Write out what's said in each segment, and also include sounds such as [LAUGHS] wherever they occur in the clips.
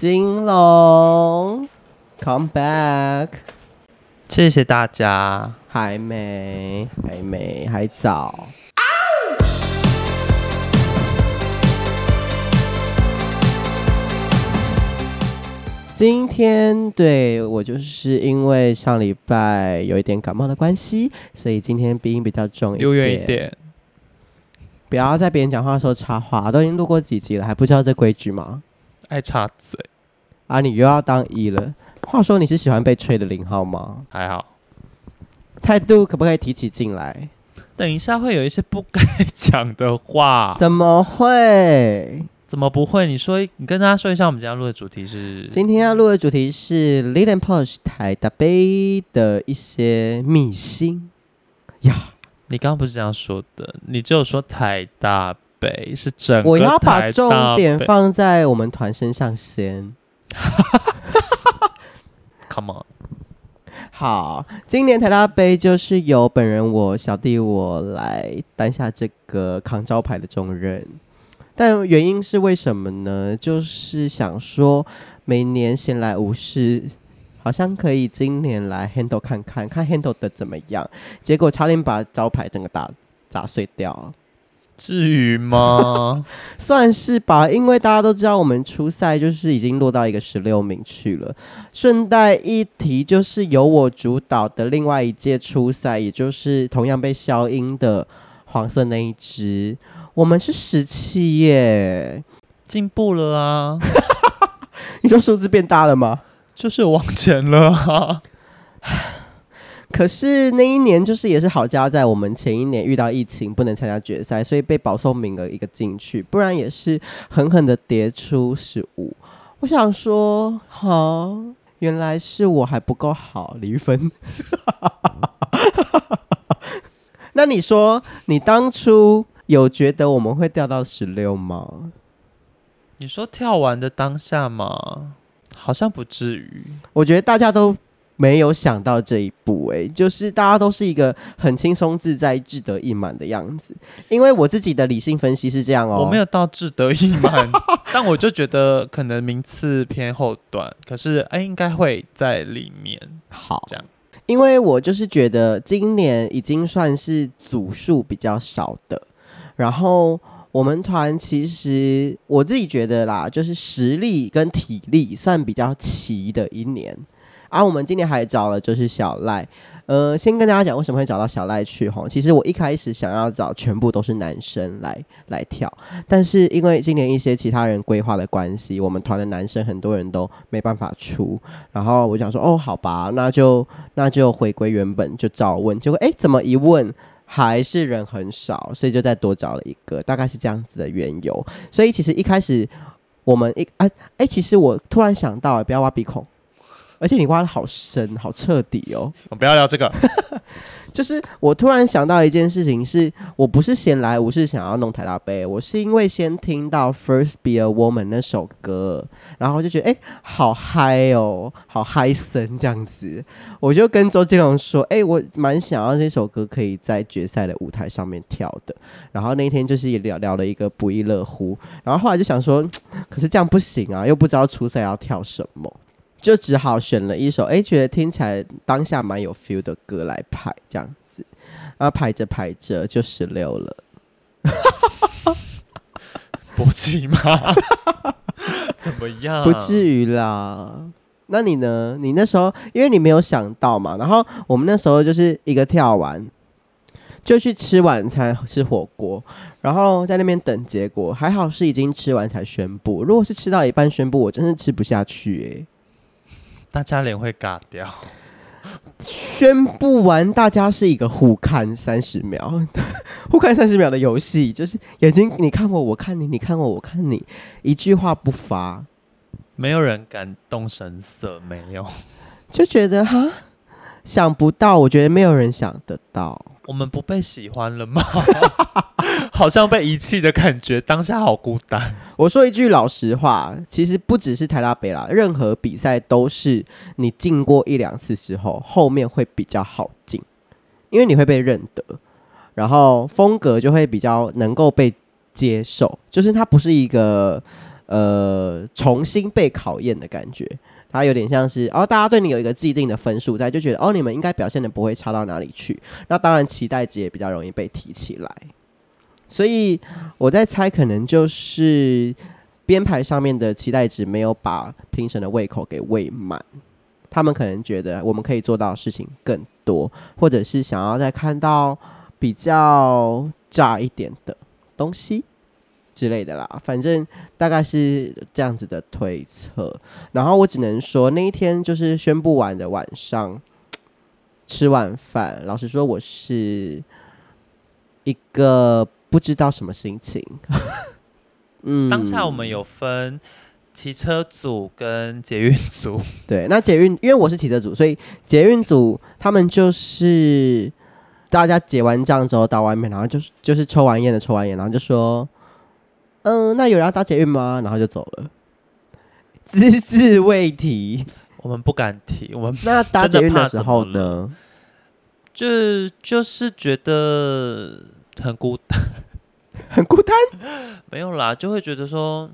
金龍，come back，謝謝大家，還沒，還沒，還早。啊、今天對，我就是因為上禮拜有一點感冒的關係，所以今天鼻音比較重一點。悠遠一點，不要在別人講話的時候插話，都已經錄過幾集了，還不知道這規矩嗎？愛插嘴。啊，你又要當一了。話說，你是喜歡被吹的零號嗎？還好。態度可不可以提起進來？等一下會有一些不該講的話。怎麼會？怎麼不會？你說，你跟大家說一下，我們今天錄的主題是？今天要錄的主題是麗魄台大杯的一些秘辛。呀、yeah.，你剛剛不是這樣說的？你只有說台大杯是整個。我要把重點放在我們團身上先。哈哈哈！Come on，好，今年台大杯就是由本人我小弟我來擔下這個扛招牌的重任，但原因是為什麼呢？就是想說每年閒來無事，好像可以今年來 handle 看看看 handle 的怎麼樣，結果差點把招牌整個打砸碎掉。至於嗎？ [LAUGHS] 算是吧，因為大家都知道我們初賽就是已經落到一個十六名去了。順帶一提，就是由我主導的另外一屆初賽，也就是同樣被消音的黃色那一隻，我們是十七耶，進步了啊！ [LAUGHS] 你說數字變大了嗎？就是往前了啊。 [LAUGHS] 可是那一年就是也是好家在，我們前一年遇到疫情不能參加決賽，所以被保送名額一個進去，不然也是狠狠的跌出十五。我想說，好、啊，原來是我還不夠好，李玉芬， [LAUGHS] 那你說，你當初有覺得我們會掉到十六嗎？你說跳完的當下嘛，好像不至於。我覺得大家都。沒有想到這一步哎、欸，就是大家都是一個很輕鬆自在、志得意滿的樣子。因為我自己的理性分析是這樣哦，我沒有到志得意滿， [LAUGHS] 但我就覺得可能名次偏後段，可是哎、欸，應該會在裡面。好，這樣，因為我就是覺得今年已經算是組數比較少的，然後我們團其實我自己覺得啦，就是實力跟體力算比較齊的一年。而、啊、我們今年還找了，就是小賴。呃，先跟大家講，為什麼會找到小賴去？吼，其實我一開始想要找全部都是男生來來跳，但是因為今年一些其他人規劃的關係，我們團的男生很多人都沒辦法出。然後我想說，哦，好吧，那就那就回歸原本，就照問，結果哎，怎麼一問還是人很少，所以就再多找了一個，大概是這樣子的緣由。所以其實一開始我們一哎誒、啊欸，其實我突然想到，不要挖鼻孔。而且你挖的好深，好徹底哦！我們不要聊這個。 [LAUGHS] 就是我突然想到一件事情是，是我不是先來，我是想要弄台大盃。我是因為先聽到《First Be a Woman》那首歌，然後就覺得哎、欸，好嗨哦，好嗨森這樣子。我就跟周杰倫說：“哎、欸，我蠻想要這首歌可以在決賽的舞台上面跳的。”然後那一天就是也聊聊了一個不亦樂乎。然後後來就想說：“可是這樣不行啊，又不知道初賽要跳什麼。”就只好選了一首，哎，覺得聽起來當下蠻有 feel 的歌來排這樣子，然後排着排着就十六了， [LAUGHS] 不至於嗎？ [LAUGHS] 怎麼樣？不至於啦。那你呢？你那時候因為你沒有想到嘛，然後我們那時候就是一個跳完就去吃晚餐，吃火鍋，然後在那邊等結果。還好是已經吃完才宣布，如果是吃到一半宣布，我真是吃不下去哎、欸。大家臉會嘎掉。宣布完，大家是一個互看三十秒呵呵，互看三十秒的遊戲，就是眼睛你看我，我看你，你看我，我看你，一句話不發，沒有人敢動神色，沒有，就覺得哈，想不到，我覺得沒有人想得到。我們不被喜歡了嗎？ [LAUGHS] 好像被遺棄的感覺，當下好孤單。 [LAUGHS] 我說一句老實話，其實不只是台大盃啦，任何比賽都是你進過一兩次之後，後面會比較好進，因為你會被認得，然後風格就會比較能夠被接受，就是它不是一個呃重新被考驗的感覺。它有點像是，哦，大家對你有一個既定的分數在，就覺得哦，你們應該表現的不會差到哪裡去。那當然，期待值也比較容易被提起來。所以我在猜，可能就是編排上面的期待值沒有把評審的胃口給餵滿。他們可能覺得我們可以做到的事情更多，或者是想要再看到比較炸一點的東西。之類的啦，反正大概是這樣子的推測。然後我只能說那一天就是宣布完的晚上，吃完飯，老實說，我是一個不知道什麼心情。 [LAUGHS] 嗯，當下我們有分騎車組跟捷運組。 [LAUGHS] 對，那捷運因為我是騎車組，所以捷運組他們就是大家結完賬之後到外面，然後就是就是抽完菸的抽完菸，然後就說。嗯、呃，那有人要搭捷運嗎？然後就走了，只字未提。我們不敢提。我們 [LAUGHS] 那搭捷運的時候呢，就就是覺得很孤單，很孤單。沒有啦，就會覺得說，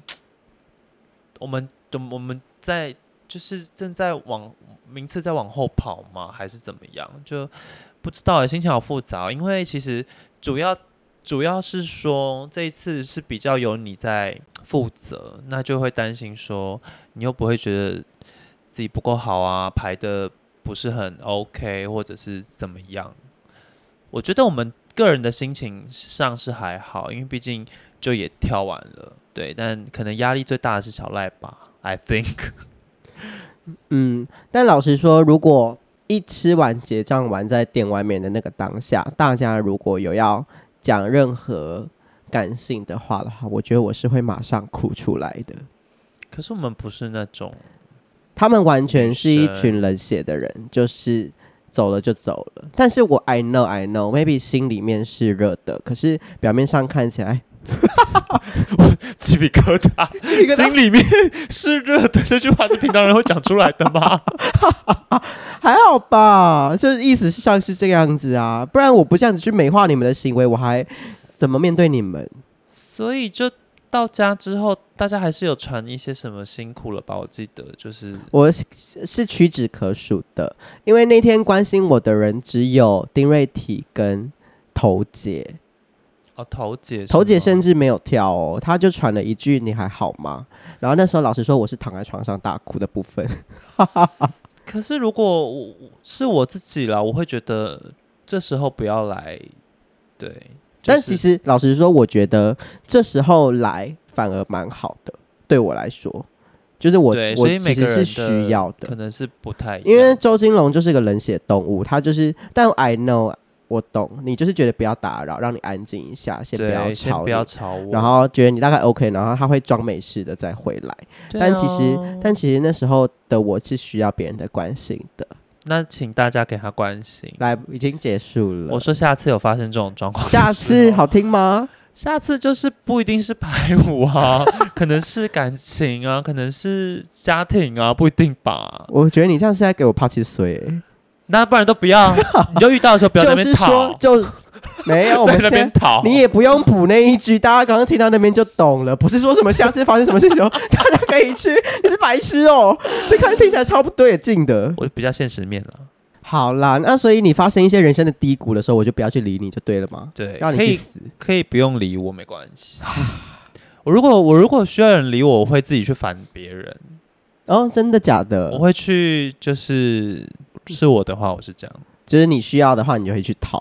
我們我們在就是正在往名次在往後跑嘛，還是怎麼樣？就不知道、欸，心情好複雜。因為其實主要。主要是說，這一次是比較有你在負責，那就會擔心說，你又不會覺得自己不夠好啊，排的不是很 OK，或者是怎麼樣？我覺得我們個人的心情上是還好，因為畢竟就也跳完了，對。但可能壓力最大的是小賴吧，I think。嗯，但老實說，如果一吃完結賬完在店外面的那個當下，大家如果有要。講任何感性的話的話，我覺得我是會馬上哭出來的。可是我們不是那種，他們完全是一群冷血的人，是就是走了就走了。但是我 I know I know maybe 心裡面是熱的，可是表面上看起來。哈哈哈，我雞皮疙瘩，心裡面 [LAUGHS] [LAUGHS] 是熱的。這句話是平常人會講出來的嗎？ [LAUGHS] 還好吧，就是意思是像是這個樣子啊，不然我不這樣子去美化你們的行為，我還怎麼面對你們？所以就到家之後，大家還是有傳一些什麼辛苦了吧？我記得就是我是屈指可數的，因為那天關心我的人只有丁瑞體跟頭姐。哦頭姐，頭姐甚至沒有跳哦，她就傳了一句“你還好嗎？”然後那時候，老實說，我是躺在床上大哭的部分。哈哈哈哈。可是如果是我自己了，我會覺得這時候不要來。對，就是，但其實老實說，我覺得這時候來反而蠻好的，對我來說，就是我我其實是需要的，可能是不太，因為周金龍就是個冷血動物，他就是，但 I know。我懂，你就是覺得不要打擾，讓你安靜一下，先不要吵，不要吵我。然後覺得你大概 OK，然後他會裝沒事的再回來。啊、但其實，但其實那時候的我是需要別人的關心的。那請大家給他關心。來，已經結束了。我說下次有發生這種狀況，下次好聽嗎？下次就是不一定是排舞啊， [LAUGHS] 可能是感情啊，可能是家庭啊，不一定吧？我覺得你這樣是在給我潑汽油。嗯那不然都不要，你就遇到的時候不要在那邊逃。就是說，就沒有我們先逃。 [LAUGHS] 那邊逃。你也不用補那一句，大家剛剛聽到那邊就懂了，不是說什麼下次發生什麼事情， [LAUGHS] 大家可以去。你是白痴哦？喔，這看聽起來超不對勁的。我比較現實面了。好啦，那所以你發生一些人生的低谷的時候，我就不要去理你，就對了嘛？對，讓你去死可，可以不用理我，沒關係。 [LAUGHS] 我如果我如果需要人理我，我會自己去煩別人。哦，真的假的？我會去，就是。是我的話，我是這樣，就是你需要的話，你就會去討。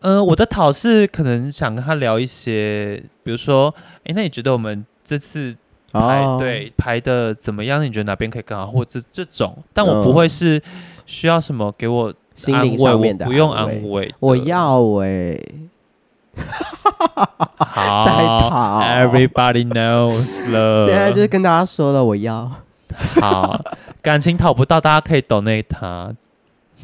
呃，我的討是可能想跟他聊一些，比如說，哎、欸，那你覺得我們這次排隊排得怎麼樣？你覺得哪邊可以更好，或者這種？但我不會是需要什麼給我心靈上面的，我不用安慰，我要哎、欸。 [LAUGHS] 在討好，Everybody knows 了現在就是跟大家說了，我要好。 [LAUGHS] 感情討不到，大家可以 donate 他，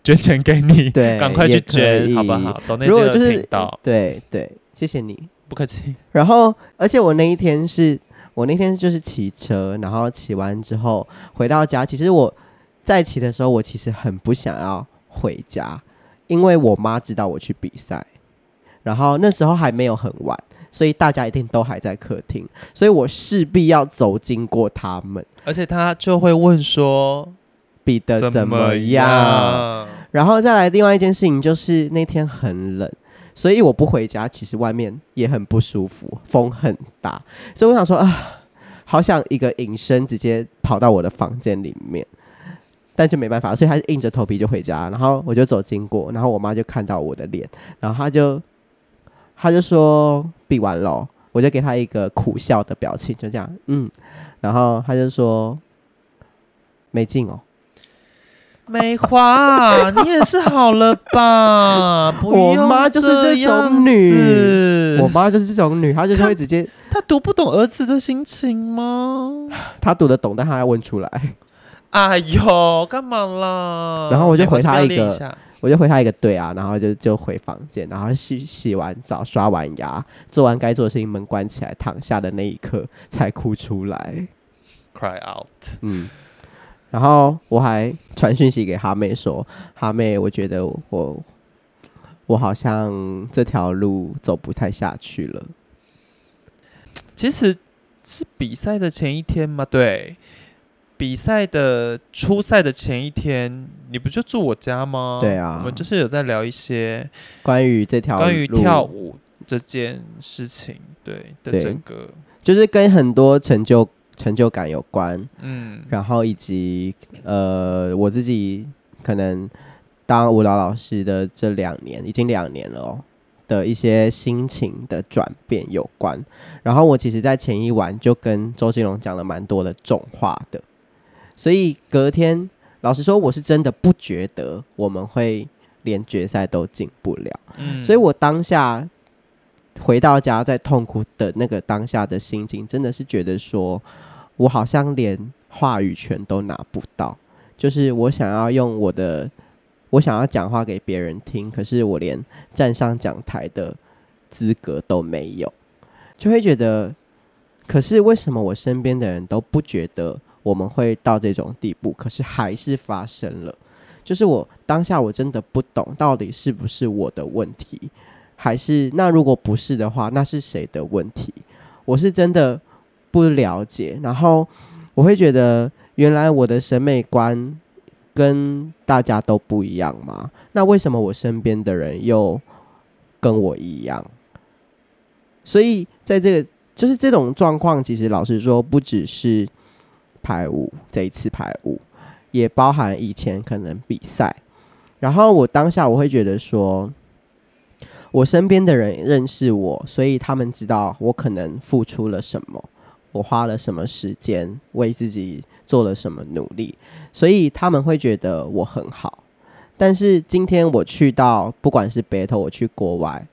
捐錢給你，對，趕快去捐，好不好？如果就是，對對，謝謝你，不客氣。然後，而且我那一天是，我那天就是騎車，然後騎完之後回到家。其實我在騎的時候，我其實很不想要回家，因為我媽知道我去比賽，然後那時候還沒有很晚。所以大家一定都還在客廳，所以我勢必要走經過他們，而且他就會問說：“比得怎麼樣？”怎麼樣，然後再來另外一件事情就是那天很冷，所以我不回家，其實外面也很不舒服，風很大，所以我想說啊，好想一個隱身直接跑到我的房間裡面，但就沒辦法，所以還是硬着頭皮就回家，然後我就走經過，然後我媽就看到我的臉，然後她就。他就說比完了？哦，我就給他一個苦笑的表情，就這樣，嗯。然後他就說沒進哦，美花華， [LAUGHS] 你也是好了吧？ [LAUGHS] 不我媽就是這種女，我媽就是這種女，她就是會直接。她讀不懂兒子的心情嗎？她讀得懂，但她要問出來。哎呦，幹嘛啦？然後我就回她一個。啊我就回他一個對啊，然後就就回房間，然後洗洗完澡，刷完牙，做完該做的事情，門關起來，躺下的那一刻才哭出來，cry out。嗯，然後我還傳訊息給哈妹說：“哈妹，我覺得我我，我好像這條路走不太下去了。”其實是比賽的前一天嗎？對。比賽的初賽的前一天，你不就住我家嗎？對啊，我們就是有在聊一些關於這條路，關於跳舞這件事情，對，對的整個，就是跟很多成就成就感有關，嗯，然後以及呃我自己可能當舞蹈老師的這兩年，已經兩年了、哦、的一些心情的轉變有關。然後我其實，在前一晚就跟周金龍講了蠻多的重話的。所以隔天，老實說，我是真的不覺得我們會連決賽都進不了。嗯，所以我當下回到家，在痛苦的那個當下的心情，真的是覺得說，我好像連話語權都拿不到。就是我想要用我的，我想要講話給別人聽，可是我連站上講臺的資格都沒有，就會覺得，可是為什麼我身邊的人都不覺得？我們會到這種地步，可是還是發生了。就是我當下我真的不懂，到底是不是我的問題，還是那如果不是的話，那是誰的問題？我是真的不了解。然後我會覺得，原來我的審美觀跟大家都不一樣嗎？那為什麼我身邊的人又跟我一樣？所以在這個就是這種狀況，其實老實說，不只是。排舞這一次排舞也包含以前可能比賽，然後我當下我會覺得說，我身邊的人認識我，所以他們知道我可能付出了什麼，我花了什麼時間，為自己做了什麼努力，所以他們會覺得我很好。但是今天我去到，不管是 battle，我去國外，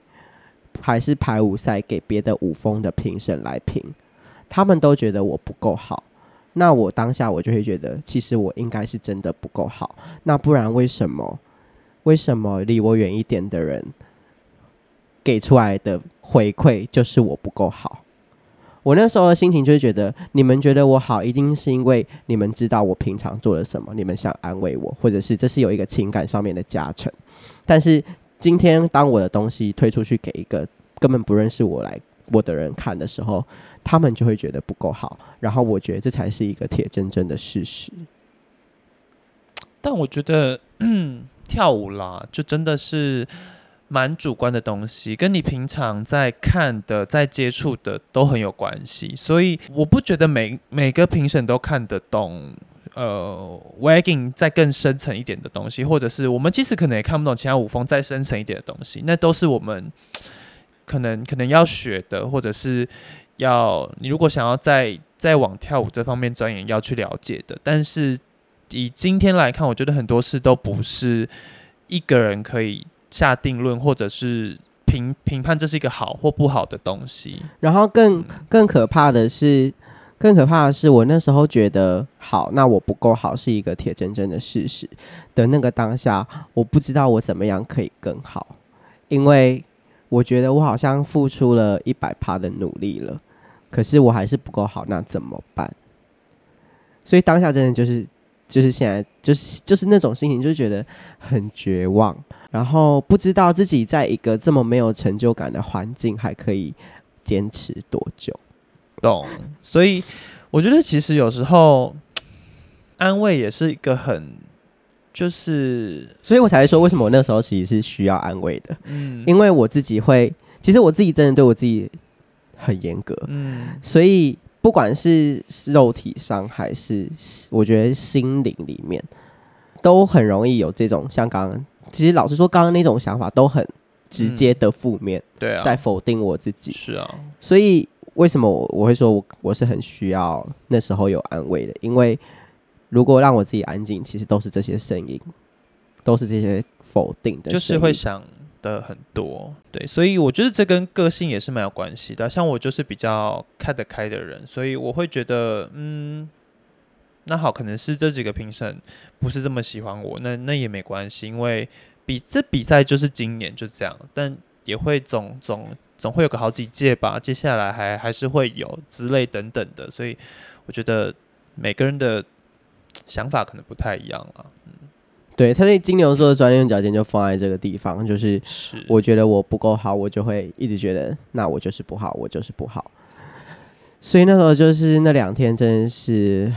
還是排舞賽，給別的舞風的評審來評，他們都覺得我不夠好。那我當下我就會覺得，其實我應該是真的不夠好。那不然為什麼？為什麼離我遠一點的人給出來的回饋就是我不夠好？我那時候的心情就會覺得，你們覺得我好，一定是因為你們知道我平常做了什麼，你們想安慰我，或者是這是有一個情感上面的加成。但是今天當我的東西推出去給一個根本不認識我來我的人看的時候，他們就會覺得不夠好，然後我覺得這才是一個鐵錚錚的事實。但我覺得、嗯、跳舞啦，就真的是蠻主觀的東西，跟你平常在看的、在接觸的都很有關係。所以我不覺得每每個評審都看得懂。呃，Waacking 再更深層一點的東西，或者是我們即使可能也看不懂其他舞風再深層一點的東西。那都是我們可能可能要學的，或者是。要你如果想要再再往跳舞這方面鑽研，要去了解的。但是以今天來看，我覺得很多事都不是一個人可以下定論，或者是評評判這是一個好或不好的東西。然後更更可怕的是，更可怕的是，嗯、的是我那時候覺得好，那我不夠好是一個鐵錚錚的事實的那個當下，我不知道我怎麼樣可以更好，因為。我覺得我好像付出了一百趴的努力了，可是我還是不夠好，那怎麼辦？所以當下真的就是，就是現在就是就是那種心情，就覺得很絕望，然後不知道自己在一個這麼沒有成就感的環境還可以堅持多久。懂，所以我覺得其實有時候安慰也是一個很。就是，所以我才會說，為什麼我那時候其實是需要安慰的。嗯，因為我自己會，其實我自己真的對我自己很嚴格。嗯，所以不管是肉體上還是，我覺得心靈裡面，都很容易有這種像剛剛，其實老實說，剛剛那種想法都很直接的負面，嗯，對啊，在否定我自己。是啊，所以為什麼我我會說我我是很需要那時候有安慰的，因為。如果讓我自己安靜，其實都是這些聲音，都是這些否定的，就是會想的很多。對，所以我覺得這跟個性也是蠻有關係的。像我就是比較看得開的人，所以我會覺得，嗯，那好，可能是這幾個評審不是這麼喜歡我，那那也沒關係，因為比這比賽就是今年就這樣，但也會總總總會有個好幾屆吧。接下來還還是會有之類等等的，所以我覺得每個人的。想法可能不太一樣了，嗯，對，他對金牛座的專用腳尖就放在這個地方，就是，是我覺得我不夠好，我就會一直覺得那我就是不好，我就是不好，所以那時候就是那兩天真的是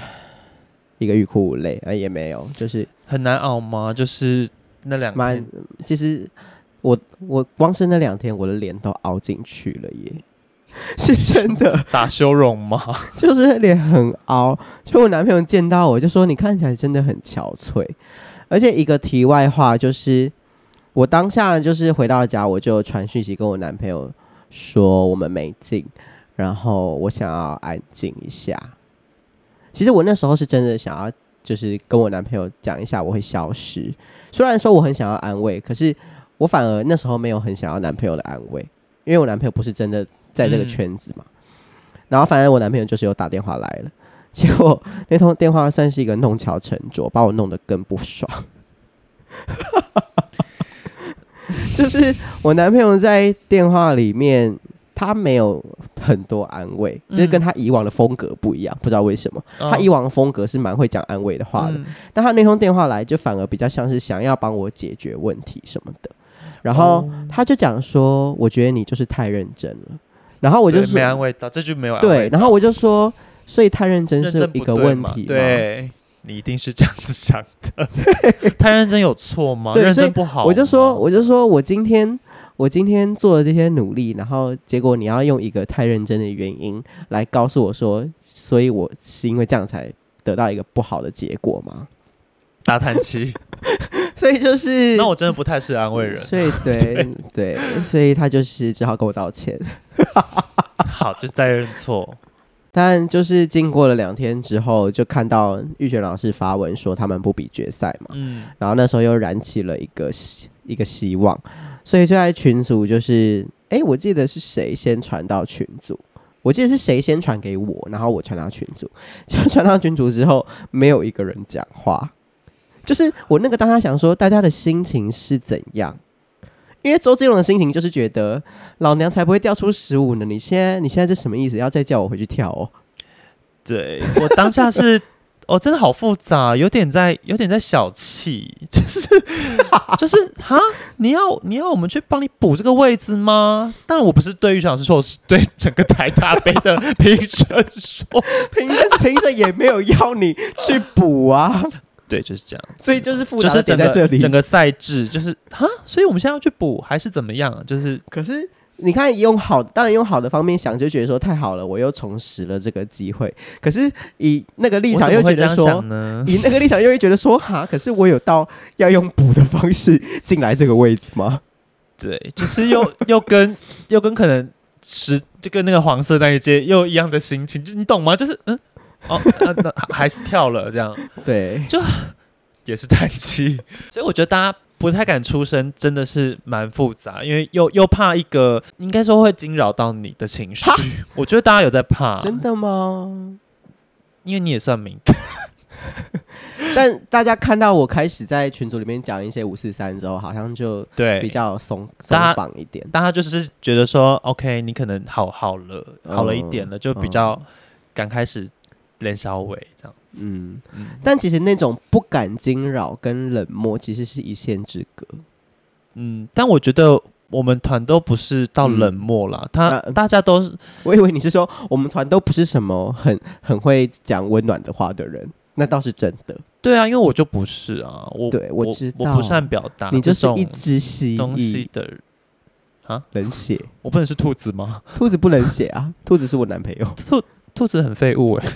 一個欲哭無淚啊，也沒有，就是很難熬嗎？就是那兩蠻，其實我我光是那兩天我的臉都凹進去了耶。是真的打修容嗎？就是臉很凹，就我男朋友見到我就說：“你看起來真的很憔悴。”而且一個題外話就是，我當下就是回到家，我就傳訊息跟我男朋友說我們沒進，然後我想要安靜一下。其實我那時候是真的想要，就是跟我男朋友講一下我會消失。雖然說我很想要安慰，可是我反而那時候沒有很想要男朋友的安慰，因為我男朋友不是真的。在這個圈子嘛，嗯、然後反正我男朋友就是有打電話來了，結果那通電話算是一個弄巧成拙，把我弄得更不爽。 [LAUGHS] 就是我男朋友在電話裡面，他沒有很多安慰，嗯、就是跟他以往的風格不一樣，不知道為什麼。他以往的風格是蠻會講安慰的話的，嗯、但他那通電話來就反而比較像是想要幫我解決問題什麼的。然後他就講說：“我覺得你就是太認真了。”然後我就說沒安慰到，這句沒有安慰。對，然後我就說，所以太認真是一個問題對。對你一定是這樣子想的， [LAUGHS] 太認真有錯嗎？對認真不好。我就說，我就說我今天我今天做的這些努力，然後結果你要用一個太認真的原因來告訴我說，所以我是因為這樣才得到一個不好的結果嗎？大嘆氣。 [LAUGHS] 所以就是，那我真的不太適合安慰人，啊。所以對對，對，所以他就是只好跟我道歉。 [LAUGHS] 好，就再認錯。但就是經過了兩天之後，就看到玉泉老師發文說他們不比決賽嘛。嗯。然後那時候又燃起了一個希一個希望，所以就在群組就是，哎，我記得是誰先傳到群組？我記得是誰先傳給我，然後我傳到群組，就傳到群組之後，沒有一個人講話。就是我那個，當他想說大家的心情是怎樣？因為周杰倫的心情就是覺得老娘，才不會掉出十五呢！你現在，你現在這什麼意思？要再叫我回去跳哦？對，我當下是，我、 [LAUGHS] 哦、真的好複雜，有點在，有點在小氣，就是，就是哈，你要，你要我們去幫你補這個位置嗎？當然我不是對於泉老師說，是對整個台大杯的評審說， [LAUGHS] 但是評審也沒有要你去補啊。對，就是這樣。所以就是負責整個整個賽制，就是哈。所以我們現在要去補，還是怎麼樣啊？就是可是你看，用好當然用好的方面想，就覺得說太好了，我又重拾了這個機會。可是以那個立場又覺得說，以那個立場又會覺得說，哈。可是我有到要用補的方式進來這個位置嗎？對，就是又又跟 [LAUGHS] 又跟可能十就跟那個黃色那一屆又有一樣的心情，就你懂嗎？就是嗯。 [LAUGHS] 哦、啊那，還是跳了這樣，對，就也是嘆氣。所以我覺得大家不太敢出聲，真的是蠻複雜，因為又又怕一個，應該說會驚擾到你的情緒。蛤我覺得大家有在怕，真的嗎？因為你也算敏感， [LAUGHS] 但大家看到我開始在群組裡面講一些五四三之後，好像就對比較鬆鬆綁一點。大家、大家就是覺得說，OK，你可能好好了，好了一點了，嗯、就比較敢開始人稍微這樣子，嗯，嗯但其實那種不敢驚擾跟冷漠其實是一線之隔，嗯，但我覺得我們團都不是到冷漠了，嗯、他、呃、大家都是，我以為你是說我們團都不是什麼很很會講溫暖的話的人，那倒是真的，對啊，因為我就不是啊，我對我知道，我不善表達，你就是一隻蜥蜴東西的啊，冷血，我不能是兔子嗎？兔子不冷血啊，兔子是我男朋友兔。 [LAUGHS] 兔子很廢物哎，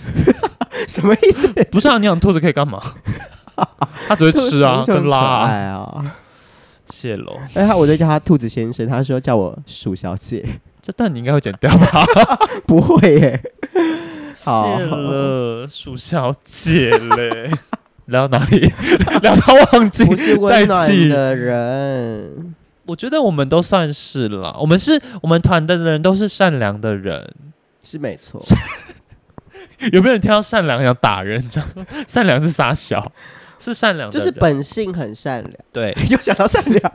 什麼意思？不是啊，你養兔子可以幹嘛？它只會吃啊，跟拉啊，謝嘍，哎，我就叫他兔子先生，他說叫我鼠小姐。這段你應該會剪掉吧？不會耶。謝了，鼠小姐嘞。聊到哪裡？聊到忘記。不是溫暖的人，我覺得我們都算是了。我們是我們團隊的人，都是善良的人，是沒錯。有沒有人聽到善良想打人？這樣善良是傻小，是善良的，就是本性很善良。對，又想到善良，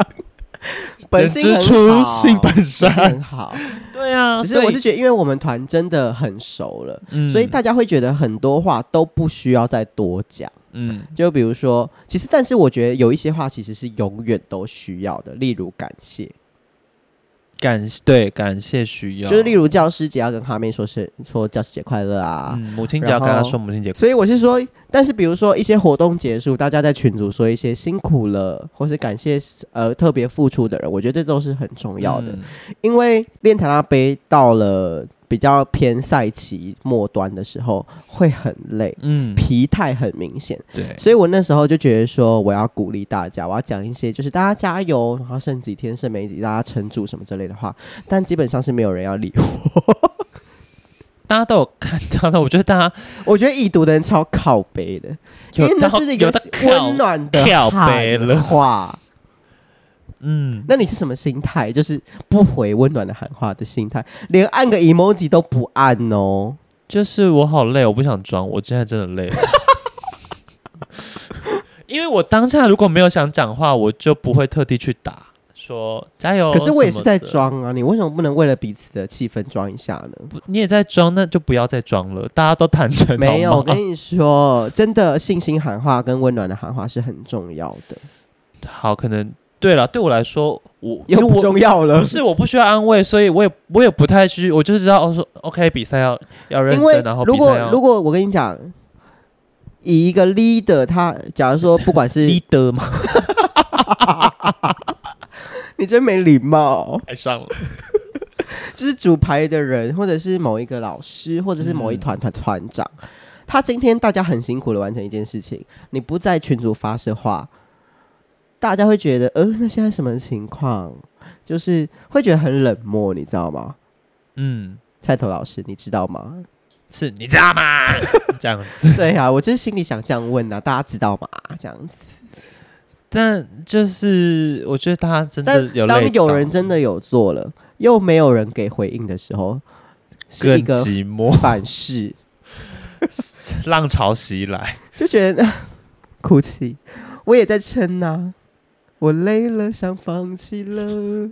本性很好，性本善很好。對啊，其實我是覺得，因為我們團真的很熟了，嗯，所以大家會覺得很多話都不需要再多講。嗯，就比如說，其實但是我覺得有一些話其實是永遠都需要的，例如感謝。感，對，感謝需要，就是例如教師節要跟哈妹說說教師節快樂啊，嗯、母親節要跟她說母親節。所以我是說，但是比如說一些活動結束，大家在群組說一些辛苦了，或是感謝呃特別付出的人，我覺得這都是很重要的，嗯、因為麗魄台大盃到了。比較偏賽期末端的時候會很累，嗯，疲態很明顯。對，所以我那時候就覺得說，我要鼓勵大家，我要講一些就是大家加油，然後剩幾天剩沒幾，大家撐住什麼之類的話。但基本上是沒有人要理我， [LAUGHS] 大家都有看到。我覺得大家，我覺得已讀的人超靠北的，因為是有個溫暖的靠北的話。嗯，那你是什麼心態？就是不回溫暖的喊話的心態，連按個 emoji 都不按哦。就是我好累，我不想裝，我今天真的累了。 [LAUGHS] [LAUGHS] 因為我當下如果沒有想講話，我就不會特地去打說加油。可是我也是在裝啊，你為什麼不能為了彼此的氣氛裝一下呢？你也在裝，那就不要再裝了，大家都坦誠。沒有 [LAUGHS] 嗎，我跟你說，真的信心喊話跟溫暖的喊話是很重要的。好，可能。對了，對我來說，我又不重要了。不是，我不需要安慰，所以我也我也不太去。我就是知道，說、哦、OK，比賽要要認真，因為然後比賽如果如果我跟你講，以一個 leader，他假如說不管是 leader 嗎？你真沒禮貌、哦，太上了。 [LAUGHS] 就是主排的人，或者是某一個老師，或者是某一團團、嗯、團長，他今天大家很辛苦的完成一件事情，你不在群組發生話。大家會覺得，呃，那現在什麼情況？就是會覺得很冷漠，你知道嗎？嗯，蔡頭老師，你知道嗎？是你知道嗎？ [LAUGHS] 這樣子， [LAUGHS] 對啊，我就是心裡想這樣問吶、啊，大家知道嗎？這樣子，但就是我覺得大家真的有當有人真的有做了，又沒有人給回應的時候，是一個反噬寂寞 [LAUGHS] 浪潮襲來， [LAUGHS] 就覺得哭泣，我也在撐吶、啊。我累了，想放棄了。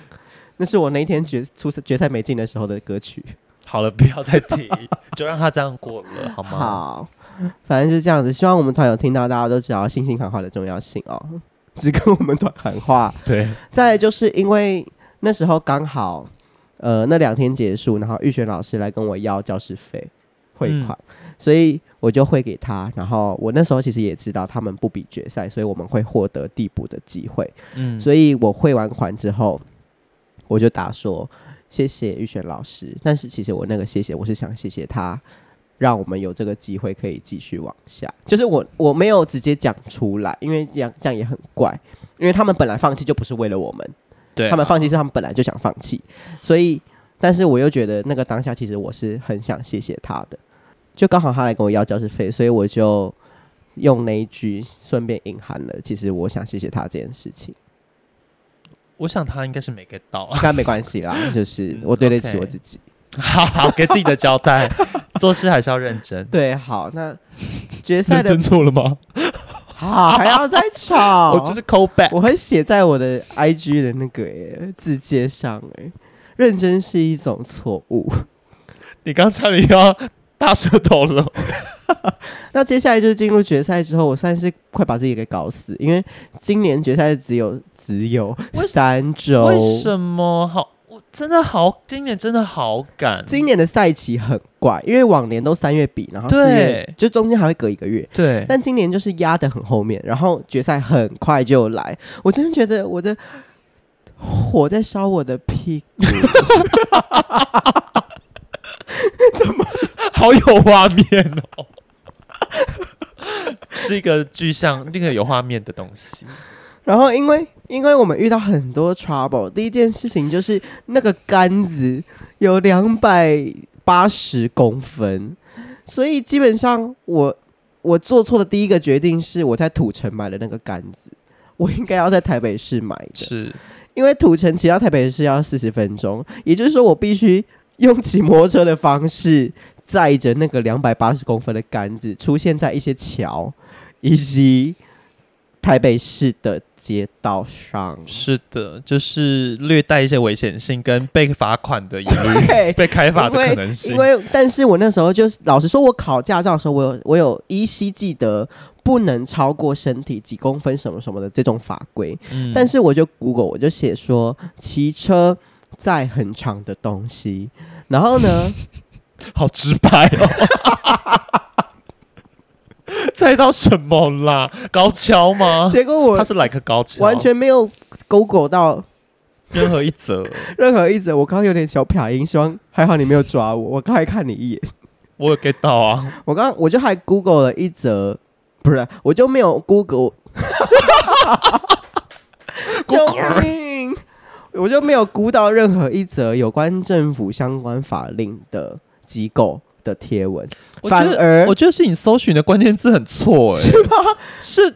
[LAUGHS] 那是我那天決出決賽沒進的時候的歌曲。 [LAUGHS] 好了，不要再提， [LAUGHS] 就讓它這樣過了，好嗎？好，反正就是這樣子。希望我們團友聽到，大家都知道信心喊話的重要性哦。只跟我們團喊話。對。再來就是因為那時候剛好，呃，那兩天結束，然後玉雪老師來跟我要教師費匯款，嗯、所以。我就會給他，然後我那時候其實也知道他們不比決賽，所以我們會獲得遞補的機會。嗯，所以我匯完款之後，我就打說謝謝玉璇老師。但是其實我那個謝謝，我是想謝謝他，讓我們有這個機會可以繼續往下。就是我我沒有直接講出來，因為這樣這樣也很怪，因為他們本來放棄就不是為了我們，對、啊、他們放棄是他們本來就想放棄。所以，但是我又覺得那個當下，其實我是很想謝謝他的。就剛好他來跟我要教室費，所以我就用那一句順便隱含了，其實我想謝謝他這件事情。我想他應該是沒給到，應該沒關係啦，就是我對得起我自己，嗯 okay、好好給自己的交代， [LAUGHS] 做事還是要認真。對，好，那決賽的認真錯了嗎？ [LAUGHS] 好，還要再吵？ [LAUGHS] 我就是 call back，我會寫在我的 IG 的那個字街上，哎，認真是一種錯誤。你剛唱要？大舌頭了。 [LAUGHS] 那接下來就是進入決賽之後，我算是快把自己給搞死，因為今年決賽只有只有三週。為什麼好？我真的好，今年真的好趕。今年的賽期很怪，因為往年都三月底，然後四月對就中間還會隔一個月。對。但今年就是壓得很後面，然後決賽很快就來。我真的覺得我的火在燒我的屁股。 [LAUGHS] [LAUGHS] [LAUGHS] 怎麼好有畫面哦、喔？ [LAUGHS] [LAUGHS] 是一個具象，那個有畫面的東西。然後，因為因為我們遇到很多 trouble，第一件事情就是那個桿子有兩百八十公分，所以基本上我我做錯的第一個決定是我在土城買的那個桿子，我應該要在台北市買的，是因為土城騎到台北市要四十分鐘，也就是說我必須。用騎摩托車的方式，載着那個兩百八十公分的桿子，出現在一些橋以及台北市的街道上。是的，就是略帶一些危險性，跟被罰款的疑慮，對被開罰的可能性因。因為，但是我那時候就是老實說，我考駕照的時候我，我有我有依稀記得不能超過身體幾公分什麼什麼的這種法規。嗯，但是我就 Google，我就寫說騎車。在很長的東西，然後呢？ [LAUGHS] 好直白哦！ [LAUGHS] [LAUGHS] 猜到什麼啦？高蹺嗎？結果我他是 like 高蹺，完全沒有 Google 到任何一則， [LAUGHS] 任何一則。我剛剛有點小破音，希望還好你沒有抓我。我剛才看你一眼，我有 get 到啊！我剛剛我就還 Google 了一則，不是，我就沒有 Google, [LAUGHS] [LAUGHS] Google。救命！我就沒有估到任何一則有關政府相關法令的機構的貼文，反而我覺得是你搜尋的關鍵字很錯、欸，是嗎吧？是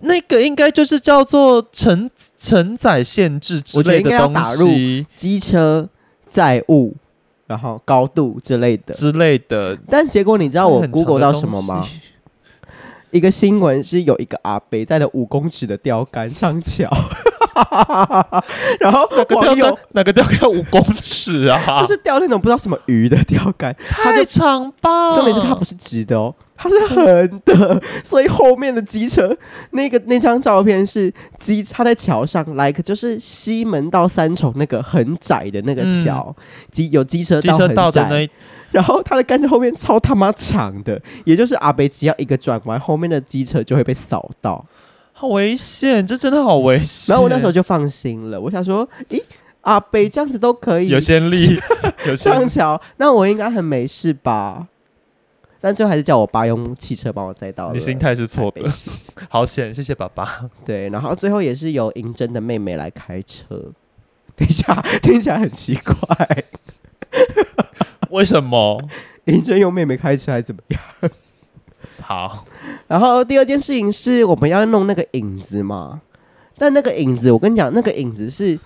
那個應該就是叫做承承載限制之類的，東西我覺得應該打入機車載物，然後高度之類的之類的。但結果你知道我 Google 到什麼嗎？一個新聞是有一個阿北在了五公尺的吊桿上橋。 [LAUGHS] [LAUGHS] 然後，哪個釣竿？哪個釣竿五公尺啊？就是釣那種不知道什麼魚的釣竿，太長吧？重點是它不是直的哦，它是橫的，嗯、所以後面的機車那個那張照片是機插在橋上來，可、like, 就是西門到三重那個很窄的那個橋，嗯、機有機車，到很窄。然後它的竿在後面超他媽長的，也就是阿北只要一個轉彎，後面的機車就會被掃到。好危險，這真的好危險。然後我那時候就放心了，我想說，咦，阿北這樣子都可以，有先例，有 [LAUGHS] 上橋，那我應該很沒事吧？但最後還是叫我爸用汽車幫我載到。你心態是錯的，好險，謝謝爸爸。對，然後最後也是由銀珍的妹妹來開車。等一下，聽起來很奇怪， [LAUGHS] 為什麼銀珍用妹妹開車還怎麼樣？好，然後第二件事情是我們要弄那個影子嘛，但那個影子，我跟你講，那個影子是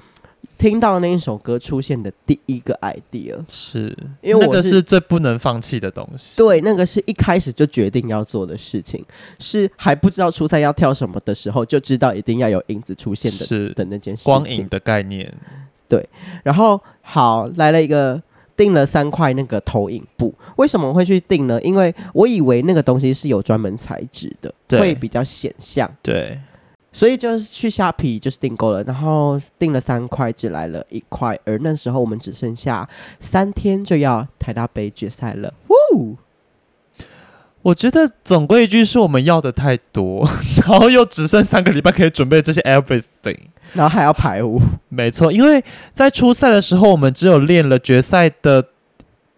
聽到那一首歌出現的第一個 idea，是因為這個是最不能放棄的東西。對，那個是一開始就決定要做的事情，是還不知道初賽要跳什麼的時候就知道一定要有影子出現的，是的，那件事，光影的概念。對，然後好，來了一個。訂了三塊那個投影布，為什麼我會去訂呢？因為我以為那個東西是有專門材質的，對會比較顯像。對，所以就是去蝦皮就是訂購了，然後訂了三塊，只來了一塊，而那時候我們只剩下三天就要台大杯決賽了，嗚。我覺得總歸一句，是我們要的太多，然後又只剩三個禮拜可以準備這些 everything，然後還要排舞。沒錯，因為在初賽的時候，我們只有練了決賽的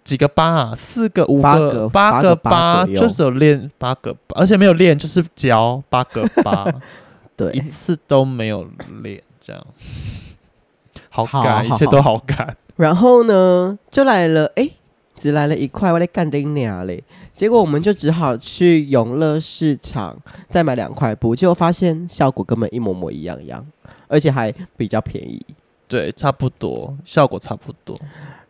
幾個八、啊，四個、五個、八個八，就是有練八個八，八個而且沒有練，就是教八個八，對， [LAUGHS] 一次都沒有練，這樣。好趕，好好好一切都好趕。然後呢，就來了，哎，只來了一塊，我在幹你娘咧。結果我們就只好去永樂市場再買兩塊布，結果發現效果根本一模模一樣樣，而且還比較便宜。對，差不多，效果差不多。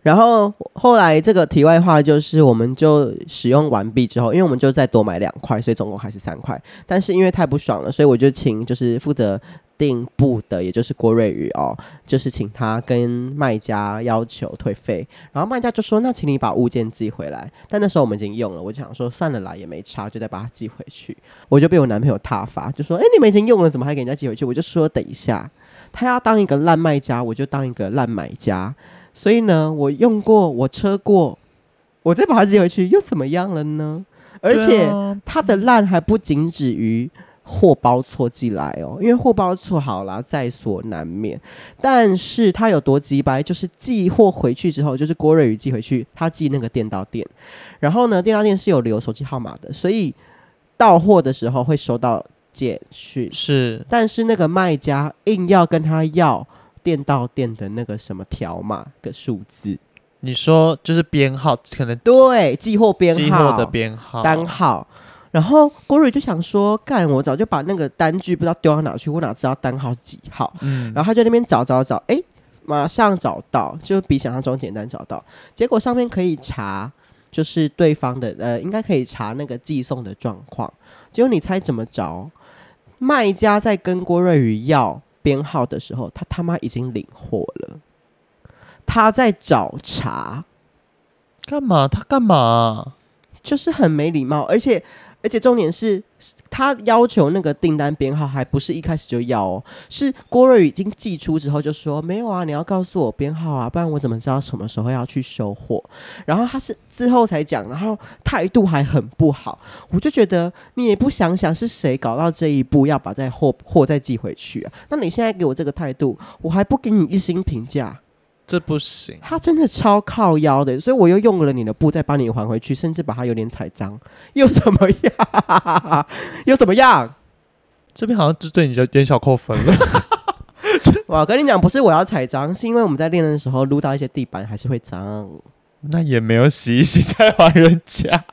然後後來這個題外話就是，我們就使用完畢之後，因為我們就再多買兩塊，所以總共還是三塊。但是因為太不爽了，所以我就請就是負責。訂布的，也就是郭芮女哦，就是請他跟賣家要求退費，然後賣家就說：“那請你把物件寄回來。”但那時候我們已經用了，我就想說：“算了啦，也沒差，就再把它寄回去。”我就被我男朋友撻伐，就說：“哎、欸，你們已經用了，怎麼還給人家寄回去？”我就說：“等一下，他要當一個爛賣家，我就當一個爛買家。所以呢，我用過，我車過，我再把它寄回去又怎麼樣了呢？啊、而且他的爛還不僅止於……”貨包錯寄來哦，因為貨包錯好了在所難免。但是他有多雞掰，就是寄貨回去之後，就是郭芮女寄回去，他寄那個店到店，然後呢，店到店是有留手機號碼的，所以到貨的時候會收到簡訊。是，但是那個賣家硬要跟他要店到店的那個什麼條碼的數字。你說就是編號，可能對，寄貨編號，寄貨的編號，單號。然後郭芮就想說：“幹，我早就把那個單據不知道丟到哪去，我哪知道單號幾號？”然後他就在那邊找找找，哎，馬上找到，就比想象中簡單找到。結果上面可以查，就是對方的呃，應該可以查那個寄送的狀況。結果你猜怎麼着？賣家在跟郭芮女要編號的時候，他他媽已經領貨了，他在找茬，幹嘛？他幹嘛、啊？就是很沒禮貌，而且。而且重點是，他要求那個訂單編號還不是一開始就要哦，是郭芮女已經寄出之後就說沒有啊，你要告訴我編號啊，不然我怎麼知道什麼時候要去收貨？然後他是之後才講，然後態度還很不好，我就覺得你也不想想是誰搞到這一步，要把再貨貨再寄回去啊？那你現在給我這個態度，我還不給你一星評價。這不行，他真的超靠腰的，所以我又用了你的布，再幫你還回去，甚至把它有點踩髒，又怎麼樣？ [LAUGHS] 又怎麼樣？這邊好像就對你有點小扣分了。 [LAUGHS] [LAUGHS] 我跟你講，不是我要踩髒，是因為我們在練的時候擼到一些地板，還是會髒。那也沒有洗一洗再還人家。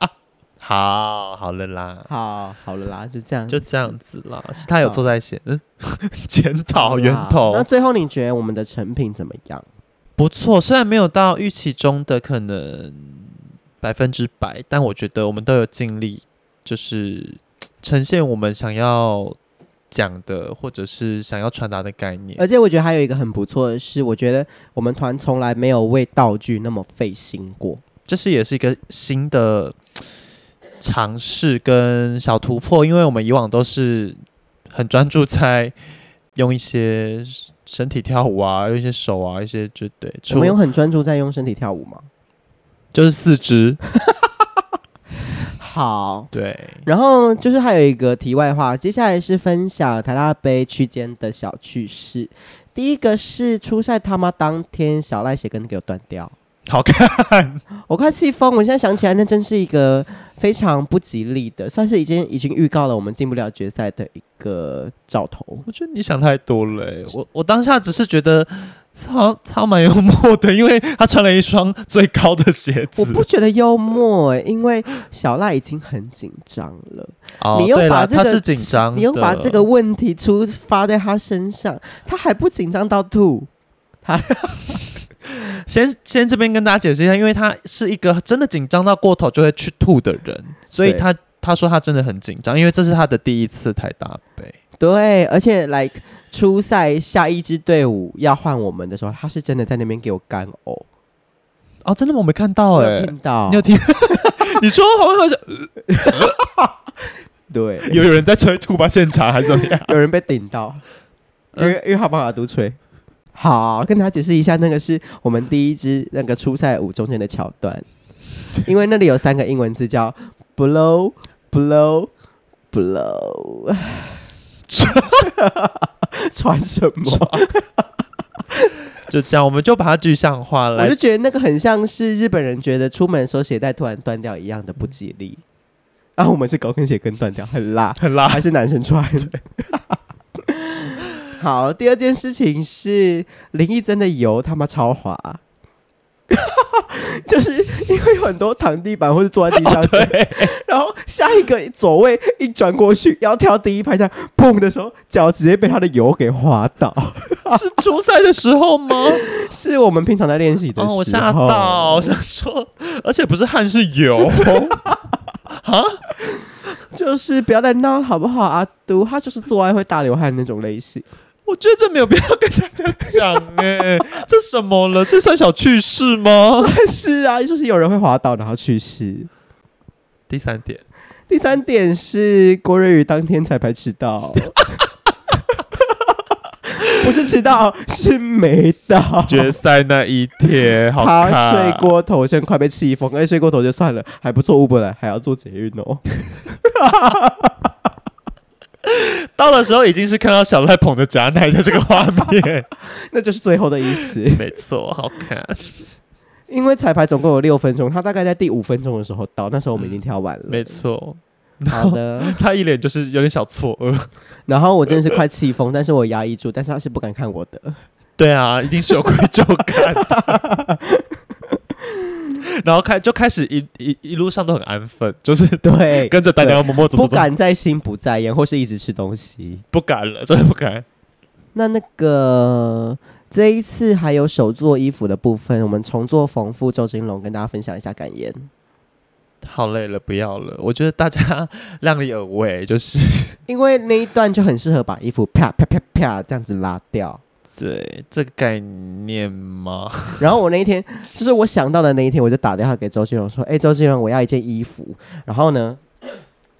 好，好了啦。好，好了啦，就這樣，就這樣子啦。是他有錯在先嗯，檢討好 [LAUGHS] 源頭。那最後你覺得我們的成品怎麼樣？不錯，雖然沒有到預期中的可能百分之百，但我覺得我們都有盡力，就是呈現我們想要講的或者是想要傳達的概念。而且我覺得還有一個很不錯的是，我覺得我們團從來沒有為道具那麼費心過，這是也是一個新的嘗試跟小突破，因為我們以往都是很專注在。用一些身體跳舞啊，用一些手啊，一些就對。我們有很專注在用身體跳舞嗎？就是四肢。 [LAUGHS] 好，對。然後就是還有一個題外話，接下來是分享台大盃期間的小趣事。第一個是初賽他媽當天，小賴鞋跟給我斷掉。好看，我快氣瘋。我現在想起來，那真是一個非常不吉利的，算是已經已經預告了我們進不了決賽的一個兆頭。我覺得你想太多了、欸。我我當下只是覺得超超蠻幽默的，因為他穿了一雙最高的鞋子。我不覺得幽默、欸，因為小賴已經很緊張了。哦、你又把這個，緊張，你又把這個問題出發在他身上，他還不緊張到吐，他。 [LAUGHS] 先先這邊跟大家解釋一下，因為他是一個真的緊張到過頭就會去吐的人，所以他對他說他真的很緊張，因為這是他的第一次台大盃對，而且來、like, 初賽下一支隊伍要換我們的時候，他是真的在那邊給我乾嘔。哦，真的嗎？我沒看到哎、欸，聽到？你有聽？ [LAUGHS] [LAUGHS] 你說好不好像？ [LAUGHS] [LAUGHS] 對，有有人在催吐吧？現場還是怎麼樣？ [LAUGHS] 有人被頂到？呃、因為因為好不好都吹。好，跟他解釋一下，那個是我們第一支那個初賽舞中間的橋段，因為那裡有三個英文字叫 blow, blow blow blow， [LAUGHS] 穿什麼？ [LAUGHS] 就這樣，我們就把它具象化了。我就覺得那個很像是日本人覺得出門時候鞋帶突然斷掉一樣的不吉利。嗯、啊，我們是高跟鞋跟斷掉，很辣，很辣辣，還是男生穿？對 [LAUGHS] 好，第二件事情是林毅真的油，他媽超滑， [LAUGHS] 就是因為很多躺地板或者坐在地上、哦，對，然後下一個左位一轉過去要跳第一排下，砰的時候腳直接被他的油給滑倒， [LAUGHS] 是初賽的時候嗎？ [LAUGHS] 是我們平常在練習的時候，哦、我嚇到，我想說，而且不是汗是油， [LAUGHS] [LAUGHS] 哈就是不要再鬧了好不好、啊？阿嘟，他就是做愛會大流汗那種類型。我覺得這沒有必要跟大家講哎，欸， [LAUGHS] 這什麼了？這是算小趣事嗎？是啊，意、就、思是有人會滑倒，然後去世。第三點，第三點是郭芮女當天彩排遲到， [LAUGHS] [LAUGHS] 不是遲到是沒到決賽那一天。他睡過頭，現在快被氣瘋。哎、欸，睡過頭就算了，還不做 Uber 來還要做捷運呢。 [LAUGHS] [LAUGHS] 到的時候已經是看到小賴捧着假奶的這個畫面， [LAUGHS] 那就是最後的意思。沒錯，好看。因為彩排總共有六分鐘，他大概在第五分鐘的時候到，那時候我們已經跳完了。沒錯，好的。他一臉就是有點小錯愕， [LAUGHS] 然後我真的是快氣瘋，但是我壓抑住，但是他是不敢看我的。對啊，一定是有愧疚感。 [LAUGHS] 然後開就開始一一一路上都很安分，就是對跟着大家默默走、走、走，不敢再心不在焉或是一直吃東西，不敢了，真的不敢。那那個這一次還有手做衣服的部分，我們重做縫補，周金龍跟大家分享一下感言。好累了，不要了。我覺得大家量力而為，就是因為那一段就很適合把衣服啪啪啪啪、啪、啪這樣子拉掉。對，這個概念嗎？ [LAUGHS] 然後我那一天就是我想到的那一天，我就打電話給周杰倫說：“哎，周杰倫，我要一件衣服。”然後呢，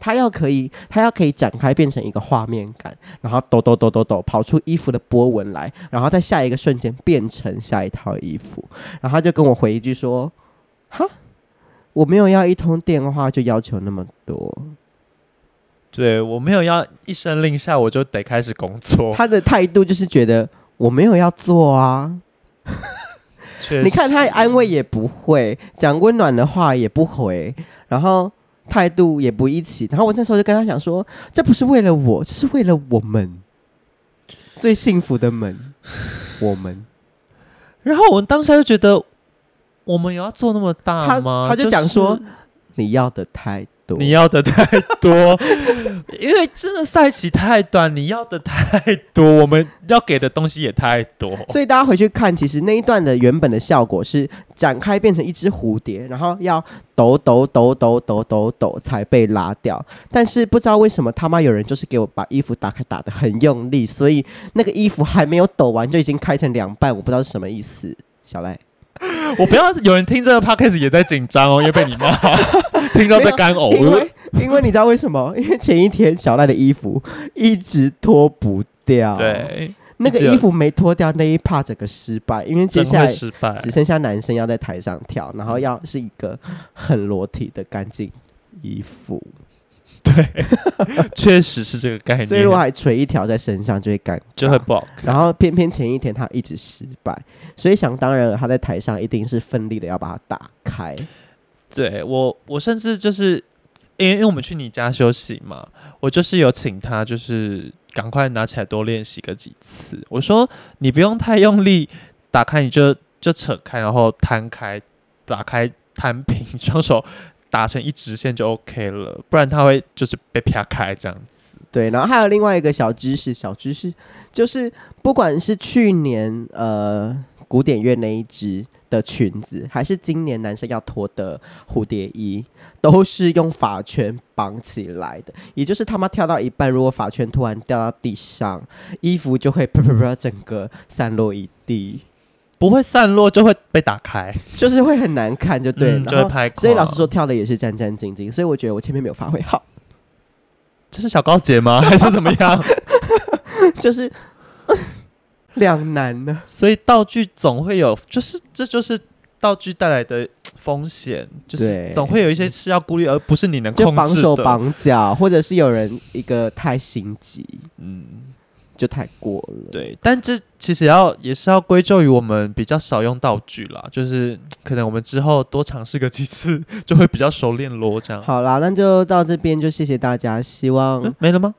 他要可以，他要可以展開變成一個畫面感，然後抖抖抖抖抖，跑出衣服的波紋來，然後在下一個瞬間變成下一套衣服。然後他就跟我回一句說：“哈，我沒有要一通電話就要求那麼多，對我沒有要一聲令下我就得開始工作。”他的態度就是覺得。我沒有要做啊，確實 [LAUGHS] 你看他安慰也不會講溫暖的話，也不回，然後態度也不一起。然後我那時候就跟他講說：“這不是為了我，這是為了我們最幸福的門， [LAUGHS] 我們。”然後我們當時就覺得，我們要做那麼大嗎？他，他就講說：“你要的態度。”你要的太多， [LAUGHS] 因為真的賽期太短，你要的太多，我們要給的東西也太多。所以大家回去看，其實那一段的原本的效果是展開變成一隻蝴蝶，然後要抖抖抖抖抖抖抖抖抖才被拉掉。但是不知道為什麼他媽有人就是給我把衣服打開打得很用力，所以那個衣服還沒有抖完就已經開成兩半，我不知道是什麼意思，小賴。我不要有人聽這個 podcast 也在緊張哦，因為被你罵， [LAUGHS] 聽到在乾嘔。因為，因為你知道為什麼？ [LAUGHS] 因為前一天小賴的衣服一直脫不掉，對，那個衣服沒脫掉那一帕整個失敗。因為接下來只剩下男生要在台上跳，然後要是一個很裸體的乾淨衣服。 [LAUGHS] 對，確實是這個概念。 [LAUGHS] 所以我還垂一條在身上，就會感就會不好看。然後偏偏前一天他一直失敗，所以想當然了，他在台上一定是奮力的要把它打開。對，我，我甚至就是因為、欸、因為我們去你家休息嘛，我就是有請他，就是趕快拿起來多練習個幾次。我說你不用太用力打開，你就就扯開，然後攤開，打開攤平雙手，打成一直線就 OK 了，不然它會就是被撇開這樣子。對，然後還有另外一個小知識，小知識就是，不管是去年呃古典樂那一隻的裙子，還是今年男生要脫的蝴蝶衣，都是用髮圈綁起來的。也就是他們跳到一半，如果髮圈突然掉到地上，衣服就會噗噗噗整個散落一地。不會散落就會被打開，就是會很難看就對了，嗯，就對，就會拍。所以老師說跳的也是戰戰兢兢，所以我覺得我前面沒有發揮好。這是小高姐嗎？ [LAUGHS] 還是怎麼樣？ [LAUGHS] 就是 [LAUGHS] 兩難呢了。所以道具總會有，就是這就是道具帶來的風險，就是總會有一些事要顧慮，而不是你能控制的，就綁手綁腳，或者是有人一個太心急，嗯。就太過了。對，但這其實要也是要歸咎於我們比較少用道具啦，就是可能我們之後多嘗試個幾次，就會比較熟練咯。這樣。好啦，那就到這邊，就謝謝大家。希望沒了嗎？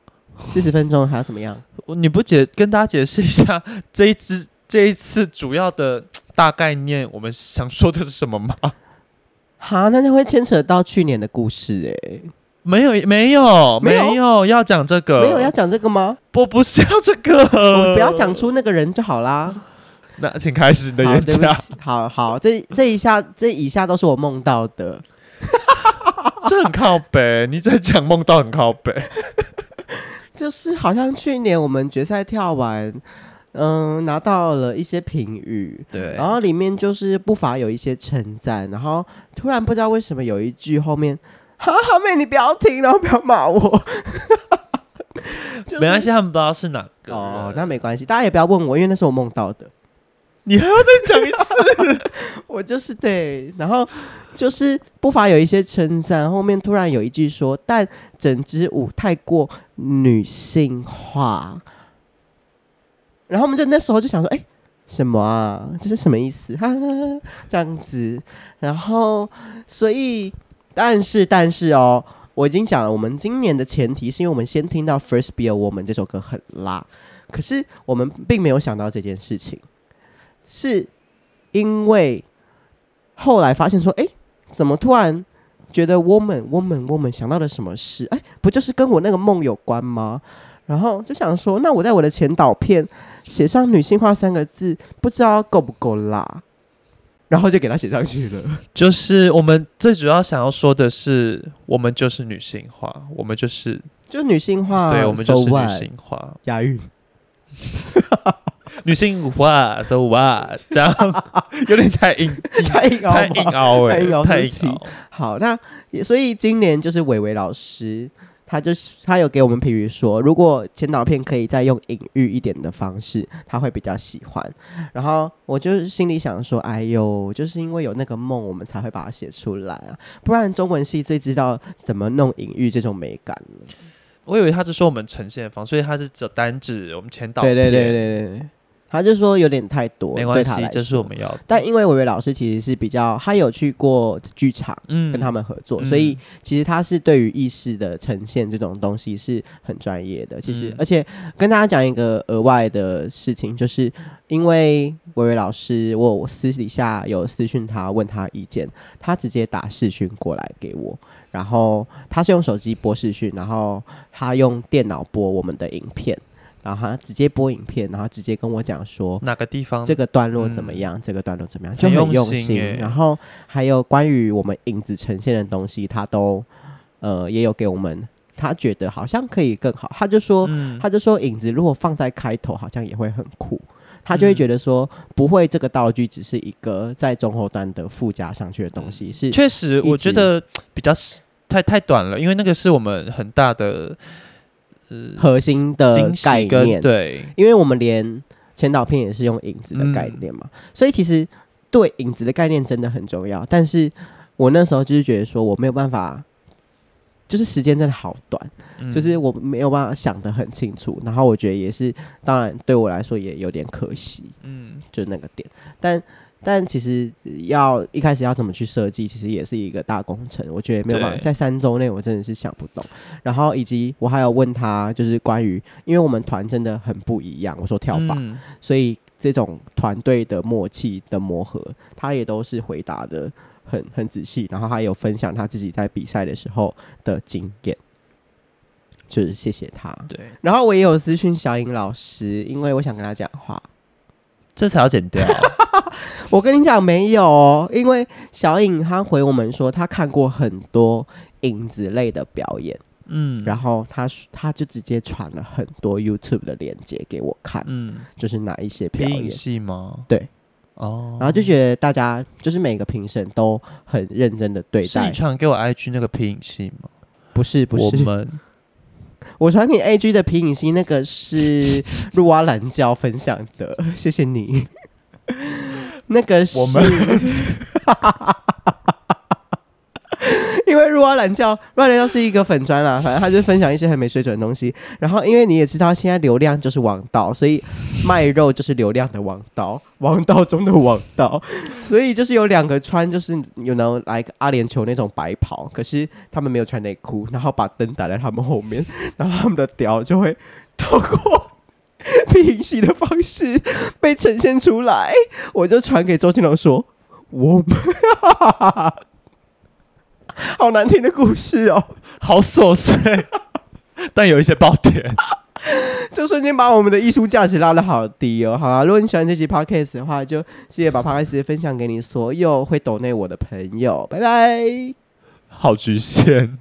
四十分鐘還要怎麼樣？麼樣你不解跟大家解釋一下這一次這一次主要的大概念，我們想說的是什麼嗎？好，那就會牽扯到去年的故事哎，、欸。沒有沒有沒有，沒有要講這個，沒有要講這個嗎？我不需要這個，不要講出那個人就好啦。那請開始你的演講。好 [LAUGHS] 好，好，這這一下這以下都是我夢到的， [LAUGHS] 這很靠北。你在講夢到很靠北， [LAUGHS] 就是好像去年我們決賽跳完，嗯，拿到了一些評語，對，然後裡面就是不乏有一些稱讚，然後突然不知道為什麼有一句後面。好好妹，你不要停，然後不要罵我、 [LAUGHS] 就是。沒關係，他們不知道是哪個。哦，那沒關係，大家也不要問我，因為那是我夢到的。你還要再講一次？ [LAUGHS] [LAUGHS] 我就是對，然後就是不乏有一些稱讚。後面突然有一句說：“但整支舞太過女性化。”然後我們就那時候就想說：“哎、欸，什麼啊？這是什麼意思？”哈哈哈，這樣子，然後所以。但是，但是哦，我已經講了，我們今年的前提是因為我們先聽到《First Be a Woman》這首歌很辣，可是我們並沒有想到這件事情，是因為後來發現說，哎，怎麼突然覺得 Woman Woman Woman 想到了什麼事？哎，不就是跟我那個夢有關嗎？然後就想說，那我在我的前導片寫上女性化三個字，不知道夠不夠辣。然後就給他寫上去了。就是我們最主要想要說的是，我們就是女性化，我們就是就女性化，對，我們就是女性化，押韻，女性化，so what，這樣 [LAUGHS] 有點太硬， [LAUGHS] 太硬，太硬，太硬，太硬，太硬，好，那所以今年就是偉偉老師。他就他有給我們比喻說，如果前導片可以再用隱喻一點的方式，他會比較喜歡。然後我就是心裡想說，哎呦，就是因為有那個夢，我們才會把它寫出來啊，不然中文系最知道怎麼弄隱喻這種美感。我以為他是說我們呈現方，所以他是只有單指我們前導片。對對對對對。他就說有點太多，沒關係，這是我們要的。但因為偉偉老師其實是比較，他有去過劇場，嗯，跟他們合作，嗯、所以其實他是對於意識的呈現這種東西是很專業的。其實，嗯、而且跟大家講一個額外的事情，就是因為偉偉老師，我私底下有私訊他問他意見，他直接打視訊過來給我，然後他是用手機播視訊，然後他用電腦播我們的影片。然後他直接播影片，然後直接跟我講說哪個地方，這個段落怎麼樣，嗯、這個段落怎麼樣就很用心。用心，然後還有關於我們影子呈現的東西，他都呃也有給我們。他覺得好像可以更好，他就說、嗯、他就說影子如果放在開頭，好像也會很酷。他就會覺得說不會這個道具只是一個在中後段的附加上去的東西。嗯、是確實，我覺得比較太太短了，因為那個是我們很大的。核心的概念，對，因為我們連前導片也是用影子的概念嘛，嗯、所以其實對影子的概念真的很重要。但是我那時候就是覺得說，我沒有辦法，就是時間真的好短，嗯、就是我沒有辦法想得很清楚。然後我覺得也是，當然對我來說也有點可惜，嗯，就那個點，但。但其實要一開始要怎麼去設計，其實也是一個大工程。我覺得沒有辦法對在三周內，我真的是想不懂。然後以及我還有問他，就是關於因為我們團真的很不一樣，我說跳法，嗯、所以這種團隊的默契的磨合，他也都是回答得很很仔細。然後他有分享他自己在比賽的時候的經驗，就是謝謝他。對，然後我也有私訊小影老師，因為我想跟他講話。這才要剪掉， [LAUGHS] 我跟你講沒有、哦，因為小影他回我們說他看過很多影子類的表演，嗯，然後他他就直接傳了很多 YouTube 的鏈接給我看，嗯，就是哪一些表演，皮影戲嗎？對，哦，然後就覺得大家就是每個評審都很認真的對待，你傳給我 IG 那個皮影戲嗎？不是，不是我們我傳給 AG 的皮影戲，那個是入蛙蘭教分享的，謝謝你。 [LAUGHS] 那個是 我們。 [LAUGHS] [LAUGHS] 因為入阿蘭教，阿蘭教是一個粉專啦，反正他就分享一些很沒水準的東西。然後，因為你也知道，現在流量就是王道，所以賣肉就是流量的王道，王道中的王道。所以就是有兩個穿，就是 you know, like 阿聯酋那種白袍，可是他們沒有穿內褲，然後把燈打在他們後面，然後他們的屌就會透過平息的方式被呈現出來。我就傳給周慶龍說，我。好難聽的故事哦，好瑣碎，但有一些爆點， [LAUGHS] 就瞬間把我們的藝術價值拉得好低哦。好啦、啊，如果你喜歡這集 podcast 的話，就謝謝把 podcast 分享給你所有會抖內我的朋友。拜拜，好局限。